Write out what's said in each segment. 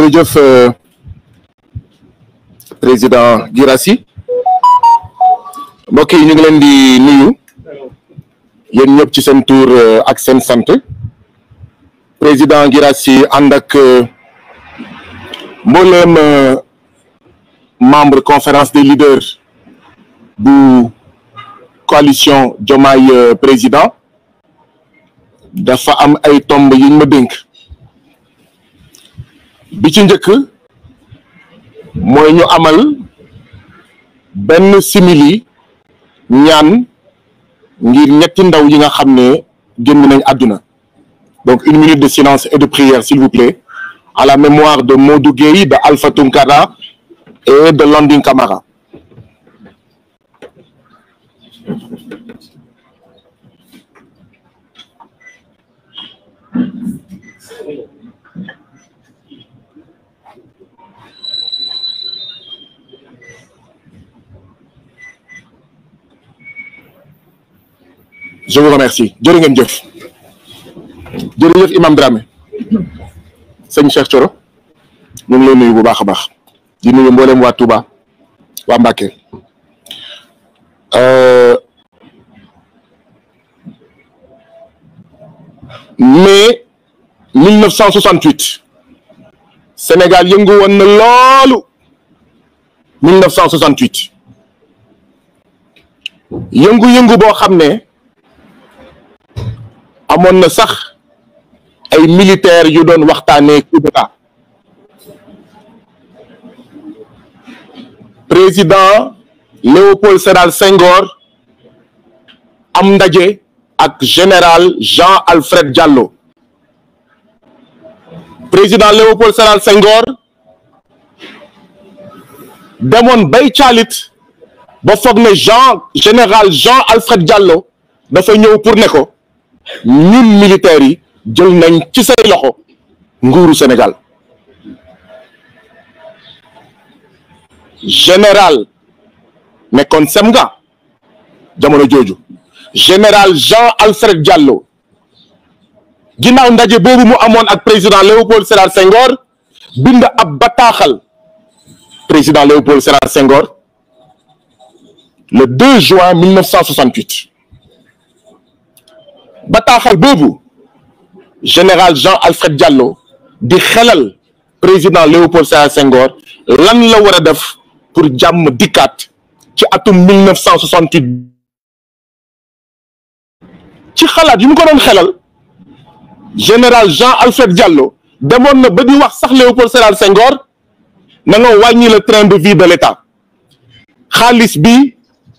jërëjëf euh, président Guirassi mbokk yi ñu ngi leen di nuyu yéen ñëpp ci seen tour euh, ak seen sant président Guirassi ànd ak euh, mbooleem membre conférence des leaders bu coalition Diomaye président dafa am ay tomb yuñ ma dénk bi ci njëkk mooy ñu amal benn simili ñaan ngir ñetti ndaw yi nga xam ne génn nañ àdduna donc une minute de silence et de prière s'il vous plaît à la mémoire de Modou Gueye de Alpha Tunkara et de Landing Camara je vous remercie jërë ngeen jëf jërëjëf imam Dramé sëñ Cheikh Thioro ñu ngi lay nuyu bu baax a baax di nuyu mboolem waa Touba waa Mbacké euh, mais 1968 Sénégal yëngu woon na loolu 1968 yëngu-yëngu boo xam ne. amoon na sax ay militaires yu doon waxtaanee coup d'état président Léopold Sédar Senghor am ndaje ak général Jean Alfred Diallo président Léopold Sédar Senghor demoon bay caalit ba foog ne Jean général Jean Alfred Diallo dafa ñëw pour ne ko ñun militaires yi jël nañ ci say loxo nguuru Sénégal général sem semga jamono jooju général Jean Alfred Diallo ginnaaw ndaje boobu mu amoon ak président Léopold Sédar Senghor bind ab bataaxal président Léopold Sédar Senghor le 2 juin 1968 bataaxal boobu général Jean Alfred Diallo di xelal président Léopold Sédar Senghor lan la war a def pour jàmm dikkaat ci atum 1968 ci xalaat yu mu ko doon xelal général Jean Alfred Diallo demoon na ba di wax sax Léopold Sédar na nga wàññi le train de vie de l' état bi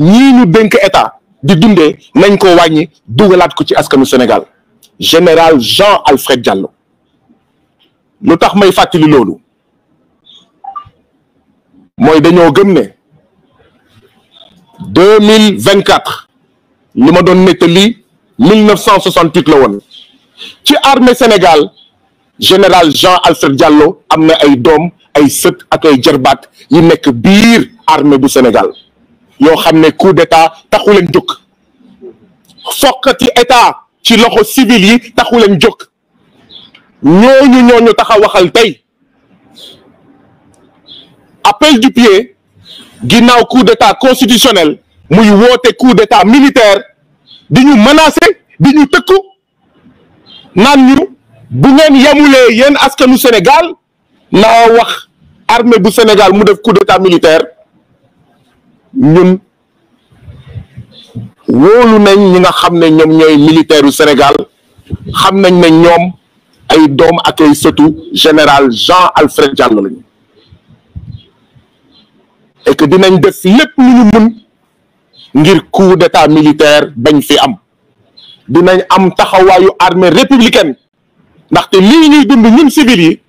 ñii ñu dénk état. di dundee nañ ko wàññi dugalaat ko ci askanu Sénégal général Jean Alfred Diallo lu tax may fàttali loolu mooy dañoo gën ne deux mille vingt quatre li ma doon nettali mille neuf cent soixante la woon ci armée Sénégal général Jean Alfred jàllo am na ay doom ay sët ak ay jarbaat yi nekk biir armée bu Sénégal. yoo xam ne coup d'état taxu leen jóg fokkati état ci loxo civil yi taxu leen jóg ñooñu ñooñu tax waxal tey appel du pied ginnaaw coup d'état constitutionnel muy woote coup d'état militaire di ñu menacer di ñu tëkku naan ñu bu ngeen yamulee yéen askanu Sénégal naa wax armée bu Sénégal mu def coup d'état militaire ñun wóolu nañ ñi nga xam ne ñoom ñooy militaire u Sénégal xam nañ ne ñoom ay doom ak ay sëtu général Jean Alfred Diallo lañu et que dinañ def lépp lu ñu mën ngir coup d'état militaire bañ fi am dinañ am taxawaayu armée républicaine ndaxte lii ñuy dund ñun civil yi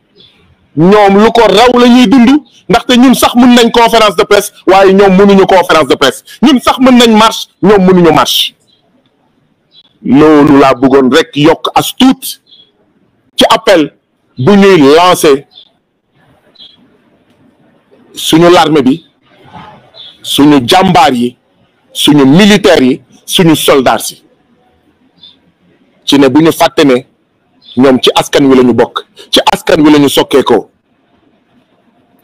ñoom lu ko raw la ñuy dund ndaxte ñun sax mën nañ conférence de presse waaye ñoom mënuñu conférence de presse ñun sax mën nañ marche ñoom mënuñu marche loolu laa bëggoon rek yokk as tuut ci appel bu ñuy lancer suñu larme bi suñu jàmbaar yi suñu militaires yi suñu soldats yi ci ne bu ñu fàtte ne ñoom ci askan wi la ñu bokk ci askan wi la ñu sokkee ko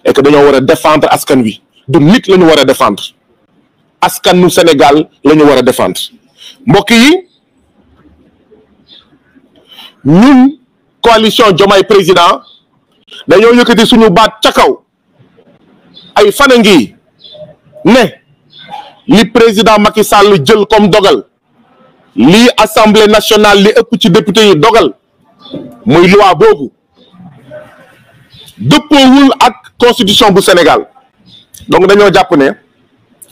et dañoo war a défendre askan wi du nit lañu ñu war a défendre askanu Sénégal la ñu war a défendre mbokk yi ñun coalition Diomaye président dañoo yëkkati suñu baat ca kaw ay fan a ngi ne li président Macky Sall jël comme dogal lii assemblée nationale li ëpp ci député yi dogal muy loi boobu dëppoowul ak constitution bu Sénégal donc dañoo jàpp ne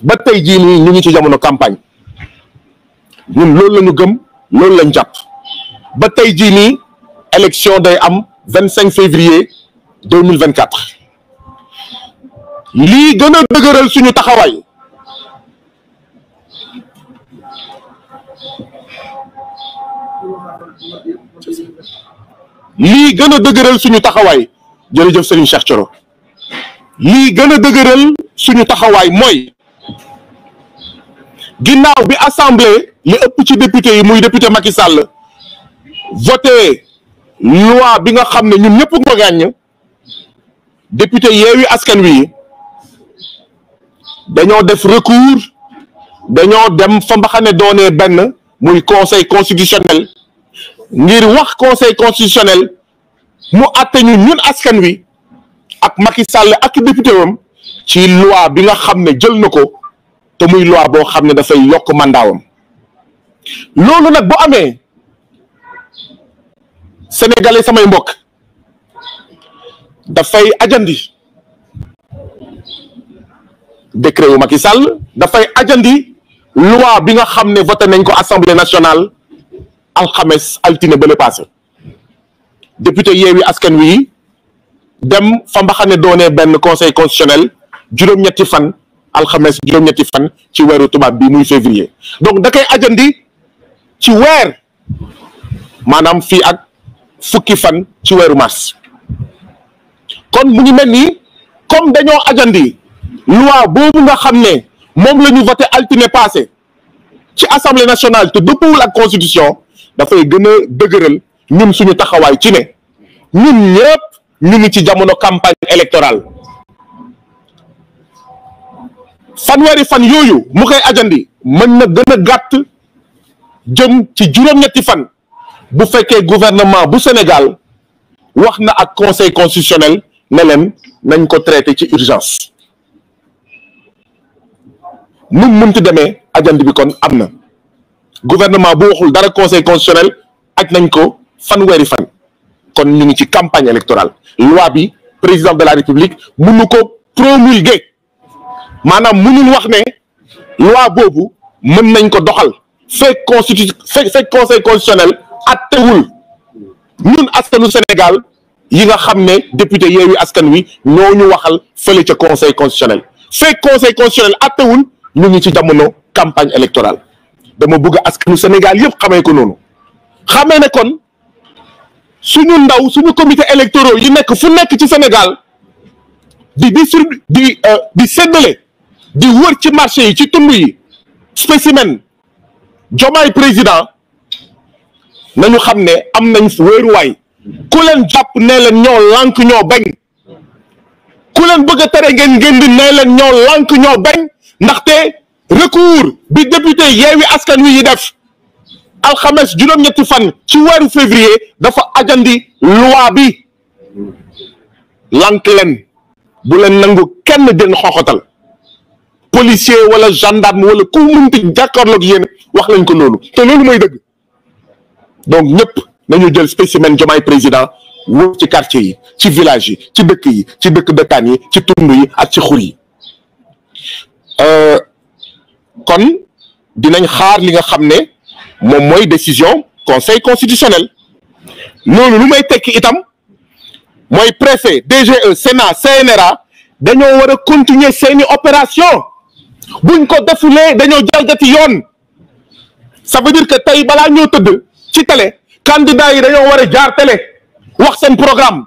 ba tey jii nii ñu ngi ci jamono campagne ñun loolu la ñu gëm loolu lañ jàpp ba tey jii nii élection day am vingt cinq février deux mille vingt quatre lii gën a dëgëral suñu taxawaay lii gën a dëgëral suñu taxawaay jërëjëf Serigne Cheikh Thioro lii gën a dëgëral suñu taxawaay mooy ginnaaw bi assemblée li ëpp ci député yi muy député Macky Sall voté loi bi nga xam ne ñun ñëpp ko gàññ député Yewwi Askan Wi dañoo def recours dañoo dem fa mbaxane doonee benn muy conseil constitutionnel ngir wax conseil constitutionnel mu àtte ñu ñun askan wi ak Macky Sall ak député wam ci loi bi nga xam ne jël na ko te muy loi boo xam ne dafay yokk mandaawam loolu nag bu amee sénégalais samay mbokk dafay ajandi décret wu Macky Sall dafay ajandi loi bi nga xam ne voté nañ ko assemblée nationale alxames altine ba passe passé député Yewwi Askan Wi dem fa mbaxane doone benn conseil constitutionnel juróom-ñetti fan alxames juróom-ñetti fan ci weeru tubaab bi muy février donc da koy ajandi ci weer maanaam fii ak fukki fan ci weeru mars kon mu ngi mel ni comme dañoo ajandi loi boobu nga xam ne moom la ñu voté altine passé ci assemblée nationale te dëppwul ak constitution dafay gën a dëgëral ñun suñu taxawaay ci ne ñun ñëpp ñu ngi ci jamono campagne électorale fanweeri fan yooyu mu koy ajandi mën na gën a gàtt jëm ci juróom-ñetti fan bu fekkee gouvernement bu Sénégal wax na ak conseil constitutionnel ne nañ ko traité ci urgence nu munti demee ajandi bi kon am na gouvernement bu waxul dara conseil constitutionnel aj nañ ko fanweeri fan kon ñu ngi ci campagne électorale loi bi président de la république mënu ko promulguer maanaam mënul wax ne loi boobu mën nañ ko doxal fekk constitution fekk conseil constitutionnel attewul ñun askanu Sénégal yi nga xam ne député Yewwi Askan Wi ñoo ñu waxal fële ca conseil constitutionnel fekk conseil constitutionnel attewul ñu ngi ci jamono campagne électorale dama bëgg askanu Sénégal yëpp xamee ko noonu xamee ne kon su suñu ndaw suñu comité électoraux yi nekk fu nekk ci Sénégal di distribu di euh, di séddale di wër ci marché yi ci tund yi spécimen jomaay président nañu xam ne am nañ wéeruwaay ku leen jàpp nee leen ñoo lànk ñoo bañ ku leen bëgg a tere ngeen ngeen nee leen ñoo lànk ñoo bañ ndaxte recours bi député Yewwi Askan Wi yi def alxames juróom-ñetti fan ci weeru février dafa ajandi loi bi lank leen bu leen nangu kenn den xoxotal policier wala gendarme wala ku munti jàkkaarloog yéen wax lañ ko loolu te loolu mooy dëgg donc ñëpp nañu jël spécimen Diomaye président wër ci quartier yi ci village yi ci dëkk yi ci dëkk dëkkaan yi ci tund yi ak ci xur yi euh, kon dinañ xaar li nga xam ne moom mooy décision conseil constitutionnel loolu lu may tekki itam mooy préfet DGE Sénat CNRA dañoo war a continuer seeni opération buñ ko defulee dañoo jalgati yoon ça veut dire que tey balaa ñoo tëdd ci télé candidat yi dañoo war a jaar télé wax seen programme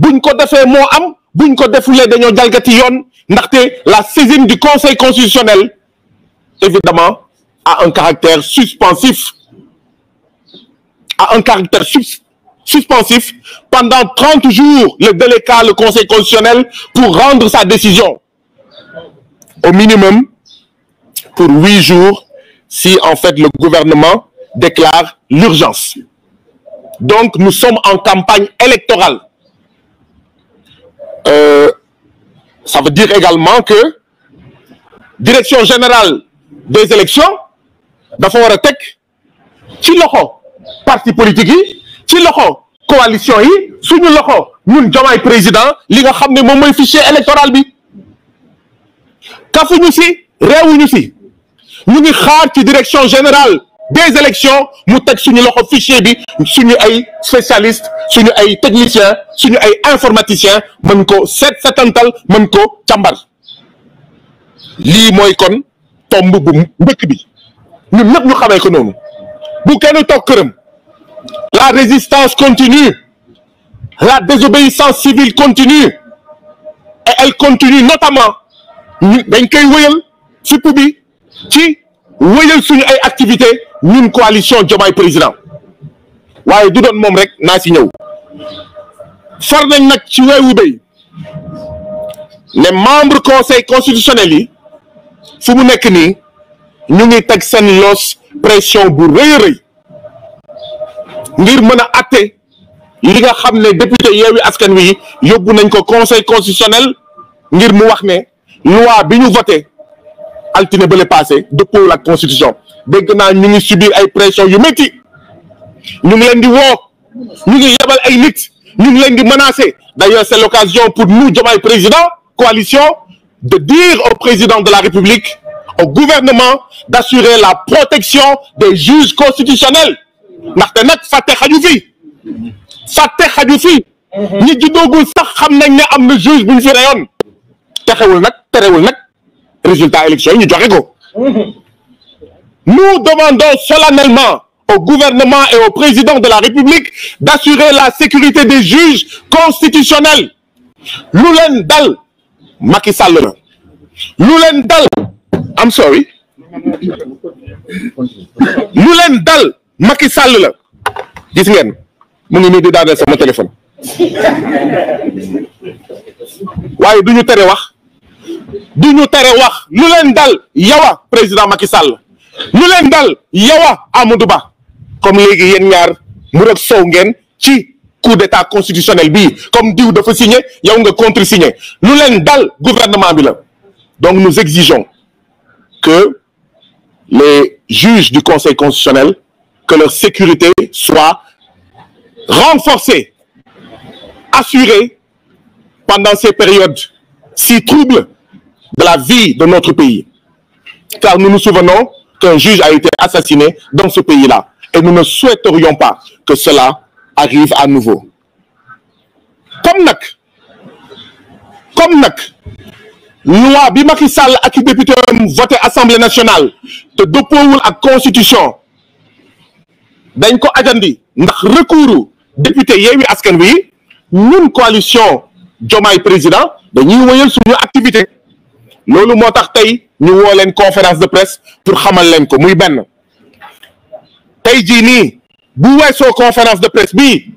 buñ ko defee moo am buñ ko defulee dañoo jalgati yoon ndaxte la saisine du conseil constitutionnel évidemment a un caractère suspensif a un caractère sus suspensif pendant trente jours le délai qu'a le conseil constitutionnel pour rendre sa décision au minimum pour huit jours si en fait le gouvernement déclare l'urgence donc nous sommes en campagne électorale euh, ça veut également que direction générale des élections dafa war a teg ci loxo parti politique yi ci loxo coalition yi suñu loxo ñun jomaay président li nga xam ne moom mooy fichier électoral bi kafuñu si réewuñu si ñu ngi xaar ci direction générale des élections mu teg suñu loxo fichier bi suñu ay spécialiste suñu ay techniciens suñu ay informaticien mën ko set satantal mën ko càmbar lii mooy kon tomb bu mbëkk bi ñun ñëpp ñu xamee ko noonu bu kenn toog këram la résistance continue la désobéissance civile continue et elle continue notamment dañ koy wëyal surtout bi ci wëyal suñu ay activité ñun coalition Diomaye président waaye du doon moom rek naa ci ñëw far nañ nag ci weewu béy ne membre conseil constitutionnel yi fu mu nekk nii ñu ngi teg seen loos pression bu rëy a rëy ngir mën a atte li nga xam ne député Yewwi Askan Wi yóbbu nañ ko conseil constitutionnel ngir mu wax ne loi bi ñu voté altine ba le passé dëppoo ak constitution dégg naa ñu ngi subir ay pression yu métti ñu ngi leen di woo ñu ngi yebal ay nit ñu ngi leen di menacer d'ailleurs c'est l'occasion pour nous Diomaye président coalition de dire au président de la République au gouvernement d'assurer la protection des juges constitutionnels ndaxte nag fàtte xaju fi fàtte xaju fi mhm. ñi juddoogul sax xam nañ ne am na juge bu ñu fi reyoon nag terewul nag résultat élection yi ñu joxe ko nous demandons solennellement au gouvernement et au président de la République d'assurer la sécurité des juges constitutionnels lu leen dal Macky Sall la lu leen dal I'm sorry lu leen dal Macky Sall la gis ngeen mu ngi nii di daaneel sama téléphone waaye wax du ñu tere wax lu leen dal yawa président Macky Sall lu leen dal yawa Amadou Ba comme léegi yéen ñaar mu rek ngeen ci coup d'état constitutionnel bi comme diw dafa signé yow nga contre signé lu leen dal gouvernement bi la donc nous exigeons que les juges du Conseil constitutionnel que leur sécurité soit renforcée assurée pendant ces périodes si troubles de la vie de notre pays. Car nous nous souvenons qu'un juge a été assassiné dans ce pays-là. Et nous ne souhaiterions pas que cela arrive à nouveau. Comme nag comme nag loi bi Macky Sall ak i député voté assemblée nationale te dëppoowul ak constitution dañ ko ajandi ndax recours député Yewwi Askan Wi ñun coalition Diomaye président dañuy wëyal suñu activité loolu moo tax tey ñu woo leen conférence de presse pour xamal leen ko muy benn tey jii nii bu weesoo conférence de presse bii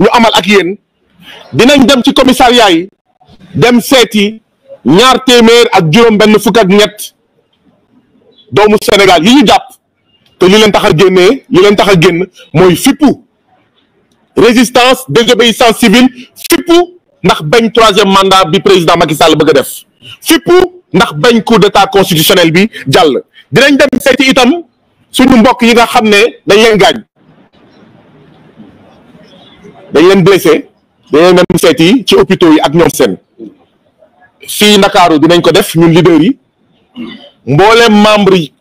ñu amal ak yéen dinañ dem ci commissariat yi dem seeti ñaar téeméer ak juróom benn fukk ak ñett doomu Sénégal yi ñu jàpp te li leen tax a génnee li leen tax a génn mooy fippu résistance désobéissance civile fippu ndax bañ troisième mandat bi président Macky Sall bëgg a def fippu ndax bañ coup d'état constitutionnel bi jàll dinañ dem seeti itam suñu mbokk yi nga xam ne dañ leen gaañ dañ leen blessé dañ leen dem seeti ci hôpitaux yi ak ñoom seen fii Ndakaaru dinañ ko def ñu leaders yi mbooleem membre yi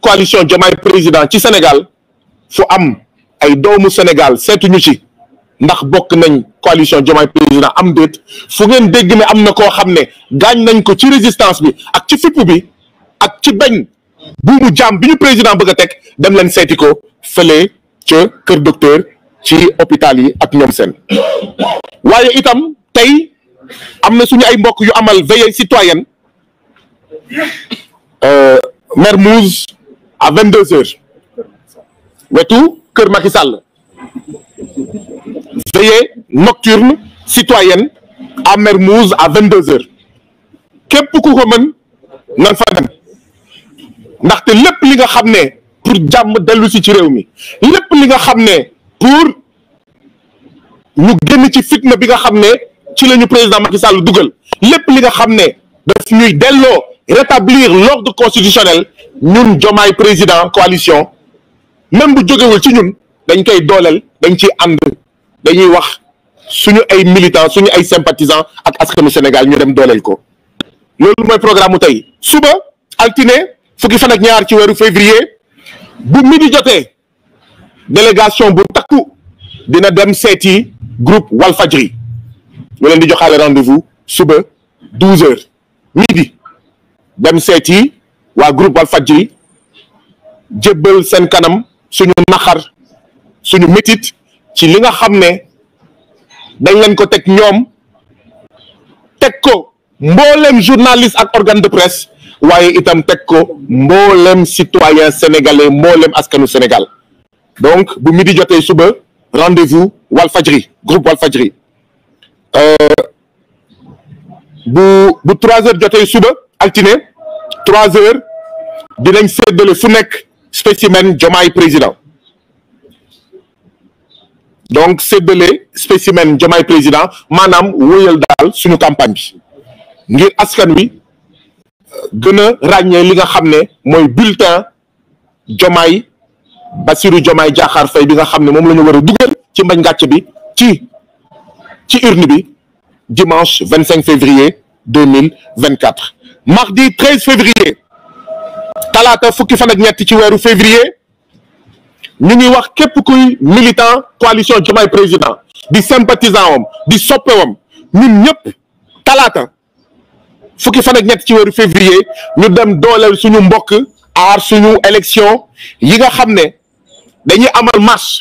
coalition Diomaye président ci Sénégal fu am ay doomu Sénégal seetuñu ci ndax bokk nañ coalition Diomaye président am déet fu ngeen dégg ne am na koo xam ne gaañ nañ ko ci résistance bi ak ci fipp bi ak ci bañ buumu jaam bi ñu président bëgg a teg dem leen seeti ko fële ca kër docteur ci hôpital yi ak ñoom seen waaye itam tey am na suñu ay mbokk yu amal veillée citoyenne euh, Mermoz à vingt deux heures wetu kër Macky Sall veillée nocturne citoyenne à Mermoz à 22 heures képp ku ko mën nan fa dem ndaxte lépp li nga xam ne pour jàmm dellu si ci réew mi lépp li nga xam ne pour ñu génn ci fitna bi nga xam ne ci lañu ñu président Macky Sall dugal lépp li nga xam ne daf ñuy delloo rétablir l'ordre constitutionnel ñun jomaay président coalition même bu jógewul ci ñun dañ koy dooleel dañ ci ànd dañuy wax suñu ay militants suñu ay sympathisants ak askanu Sénégal ñu dem dooleel ko loolu mooy programme mu tey suba altine fukki fan ak ñaar ci weeru février bu midi jotee délégation bu takku dina dem seeti groupe Walfadjri ñu leen di joxaale rendez suba 12 heures midi dem seeti waa groupe Walfadjri jébbal seen kanam suñu naxar suñu métit ci li nga xam ne dañ lañ ko teg ñoom teg ko mboolem journaliste ak organe de presse waaye itam teg ko mboolem citoyen sénégalais mboolem askanu Sénégal donc bu midi jotee suba rendez-vous walfajri groupe Walfadjri euh, bu bu trois heures jotee suba altine trois heures dinañ séddale fu nekk spécimen Diomaye président donc séddale spécimen Diomaye président maanaam wóyal daal suñu campagne bi ngir askan wi euh, gën a ràññee li nga xam ne mooy bulletin Diomaye Bassirou Diomaye Diakhar Faye bi nga xam ne moom la ñu war a dugal ci mbañ gàcce bi ci ci urne bi dimanche vingt cinq février deux vingt quatre mardi treize février talaata fukki fan ak ñett ci weeru février ñu ngi wax képp kuy militant coalition Diomaye président di sympathisant wam di soppewam ñun ñëpp talaata fukki fan ak ñett ci weeru février ñu dem dooleel suñu mbokk aar suñu élection yi nga xam ne dañuy amal marche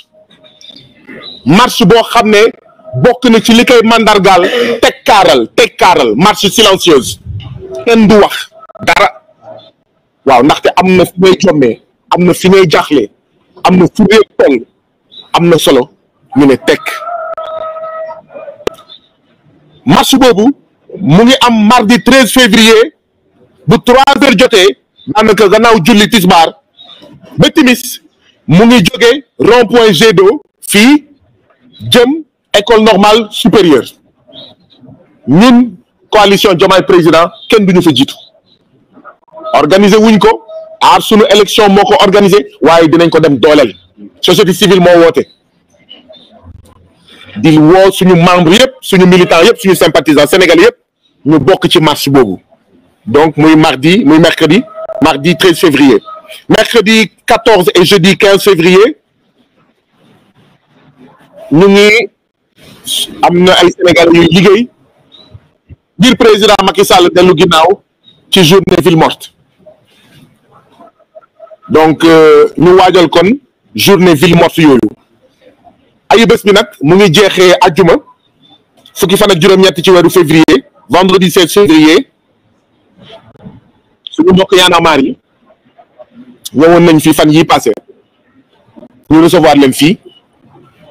marche boo xam ne bokk na ci li koy mandargaal tekkaaral tekkaaral marche silencieuse kenn du wax dara waaw ndaxte am na fi ngay jommee am na fi ngay jaaxlee am na fuddee na solo ñu ne tekk marche boobu mu ngi am mardi treize février bu trois heures jotee daanaka gannaaw julli tisbaar ba timis mu ngi jóge rond point Jet jëm école normale supérieur ñun coalition Diomaye président kenn duñu fa jiitu organiser wuñ ko aar sunu élection moo ko organisé waaye dinañ ko dem dooleel société civile moo woote di woo suñu membre yëpp suñu militant yëpp suñu sympathisant sénégalais yëpp ñu bokk ci marche boobu donc muy mardi muy mercredi mardi 13 février mercredi 14 et jeudi 15 février ñu ngi am na ay sénégalais yuy liggéey ngir président Macky Sall dellu ginnaaw ci journée ville morte donc euh, ñu waajal kon journée ville morte yooyu ayu bés bi nag mu ngi jeexee ajjuma fukki fan ak juróom-ñett ci weeru février vendredi 16 février suñu mbokk Y'en a marre yi ñëwoon nañ fi fan yi passé ñu recevoir leen fii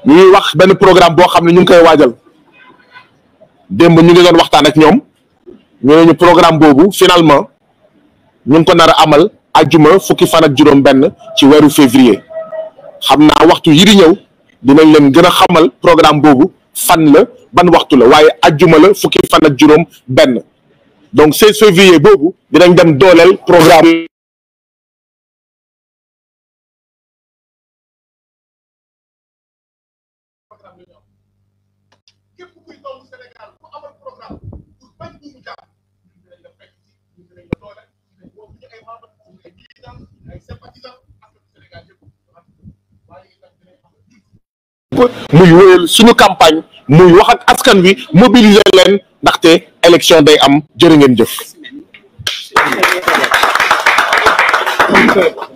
ñu ngi wax benn programme boo xam ne ñu ngi koy waajal démb ñu ngi doon waxtaan ak ñoom ñu ne programme boobu finalement ñu ngi ko nar a amal ajjuma fukki fan ak juróom benn ci weeru février xam naa waxtu yi di ñëw dinañ leen gën a xamal programme boobu fan la ban waxtu la waaye ajjuma la fukki fan ak juróom benn donc 16 février boobu dinañ dem dooleel programme muy wéyal suñu campagne muy wax askan wi mobiliser leen ndaxte élection day am jërë ngeen jëf